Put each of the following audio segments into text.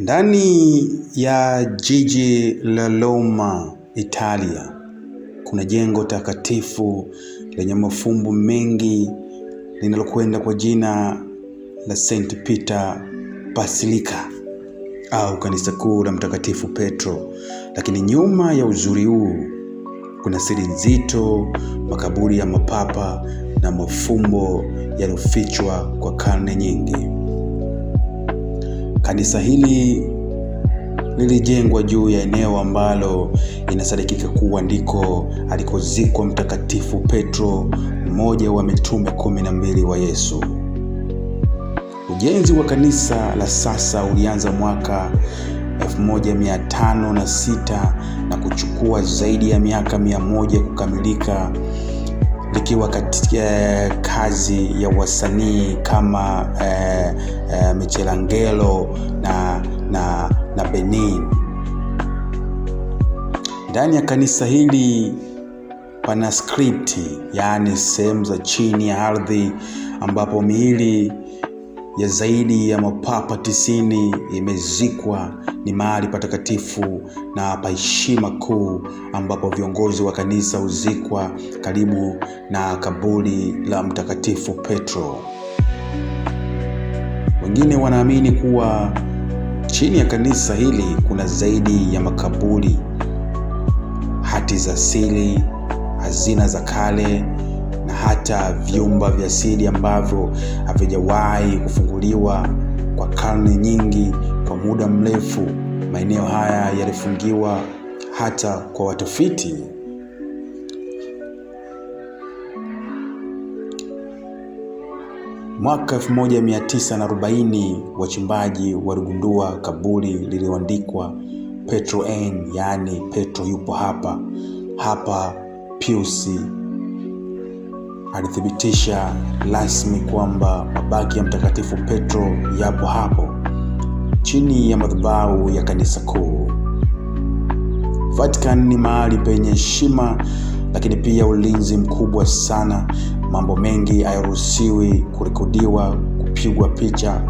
Ndani ya jiji la Roma, Italia, kuna jengo takatifu lenye mafumbo mengi linalokwenda kwa jina la St. Peter Basilica au kanisa kuu la Mtakatifu Petro. Lakini nyuma ya uzuri huu kuna siri nzito, makaburi ya mapapa na mafumbo yaliyofichwa kwa karne nyingi. Kanisa hili lilijengwa juu ya eneo ambalo inasadikika kuwa ndiko alikozikwa Mtakatifu Petro, mmoja wa mitume kumi na mbili wa Yesu. Ujenzi wa kanisa la sasa ulianza mwaka 1506 na kuchukua zaidi ya miaka mia moja kukamilika likiwa katika eh, kazi ya wasanii kama eh, eh, Michelangelo na, na, na Benin. Ndani ya kanisa hili pana skripti, yaani sehemu za chini ya ardhi ambapo miili ya zaidi ya mapapa tisini imezikwa. Ni mahali patakatifu na hapa heshima kuu ambapo viongozi wa kanisa huzikwa karibu na kaburi la Mtakatifu Petro. Wengine wanaamini kuwa chini ya kanisa hili kuna zaidi ya makaburi, hati za siri, hazina za kale hata vyumba vya siri ambavyo havijawahi kufunguliwa kwa karne nyingi. Kwa muda mrefu, maeneo haya yalifungiwa hata kwa watafiti. Mwaka 1940 wachimbaji waligundua kaburi lililoandikwa Petro N, yaani Petro yupo hapa hapa Pius alithibitisha rasmi kwamba mabaki ya Mtakatifu Petro yapo hapo chini ya madhabahu ya kanisa kuu. Vatican ni mahali penye heshima lakini pia ulinzi mkubwa sana. Mambo mengi hayaruhusiwi kurekodiwa, kupigwa picha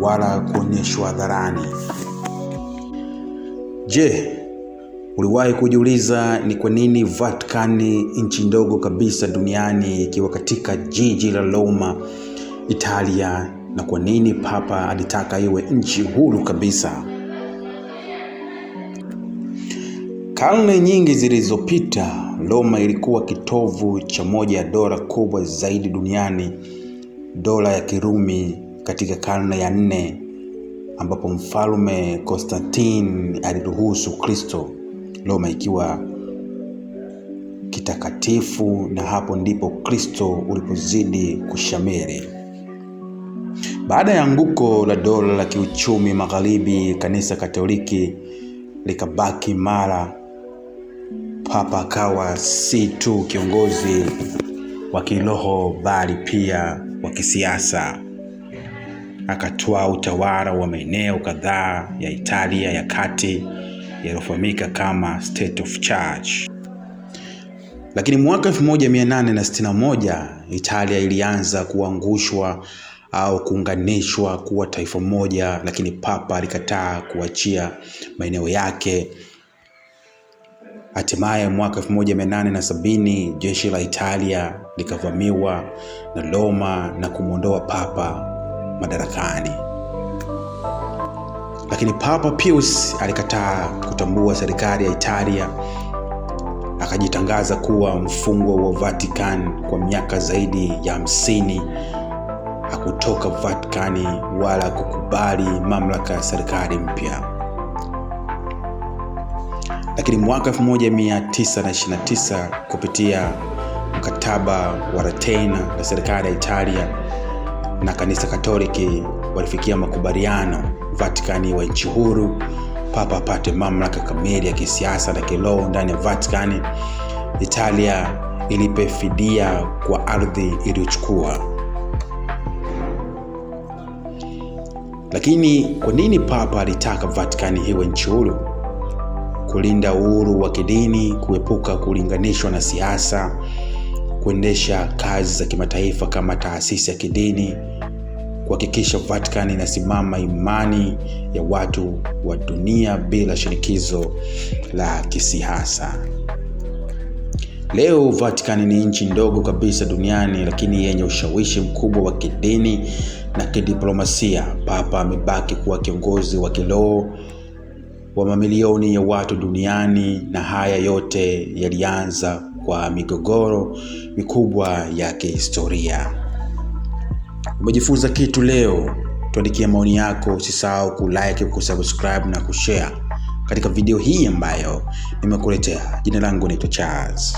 wala kuonyeshwa hadharani. Je, Uliwahi kujiuliza ni kwa nini Vatikani, nchi ndogo kabisa duniani, ikiwa katika jiji la Roma, Italia, na kwa nini Papa alitaka iwe nchi huru kabisa? Karne nyingi zilizopita, Roma ilikuwa kitovu cha moja ya dola kubwa zaidi duniani, dola ya Kirumi katika karne ya nne, ambapo Mfalme konstantin aliruhusu Kristo Roma ikiwa kitakatifu, na hapo ndipo Kristo ulipozidi kushamiri. Baada ya anguko la dola la kiuchumi magharibi, kanisa Katoliki likabaki imara. Papa akawa si tu kiongozi wa kiroho bali pia wa kisiasa. Akatwaa utawala wa maeneo kadhaa ya Italia ya kati yaliyofahamika kama State of Charge. Lakini mwaka 1861 Italia ilianza kuangushwa au kuunganishwa kuwa taifa moja, lakini papa alikataa kuachia maeneo yake. Hatimaye mwaka 1870 jeshi la Italia likavamiwa na Roma na kumwondoa papa madarakani lakini Papa Pius alikataa kutambua serikali ya Italia, akajitangaza kuwa mfungwa wa Vatican kwa miaka zaidi ya hamsini. Hakutoka Vatican wala kukubali mamlaka ya serikali mpya. Lakini mwaka 1929 kupitia mkataba wa rateina na serikali ya Italia na kanisa Katoliki walifikia makubaliano Vatikani iwe nchi huru, papa apate mamlaka kamili ya kisiasa na kiroho ndani ya Vatikani. Italia ilipe fidia kwa ardhi iliyochukua. Lakini kwa nini papa alitaka Vatikani iwe nchi huru? Kulinda uhuru wa kidini, kuepuka kulinganishwa na siasa, kuendesha kazi za kimataifa kama taasisi ya kidini kuhakikisha Vatican inasimama imani ya watu wa dunia bila shinikizo la kisiasa. Leo Vatican ni nchi ndogo kabisa duniani lakini yenye ushawishi mkubwa wa kidini na kidiplomasia. Papa amebaki kuwa kiongozi wa kiroho wa mamilioni ya watu duniani na haya yote yalianza kwa migogoro mikubwa ya kihistoria. Umejifunza kitu leo? Tuandikia maoni yako, usisahau kulike, kusubscribe na kushare katika video hii ambayo nimekuletea. Jina langu naitwa Charles.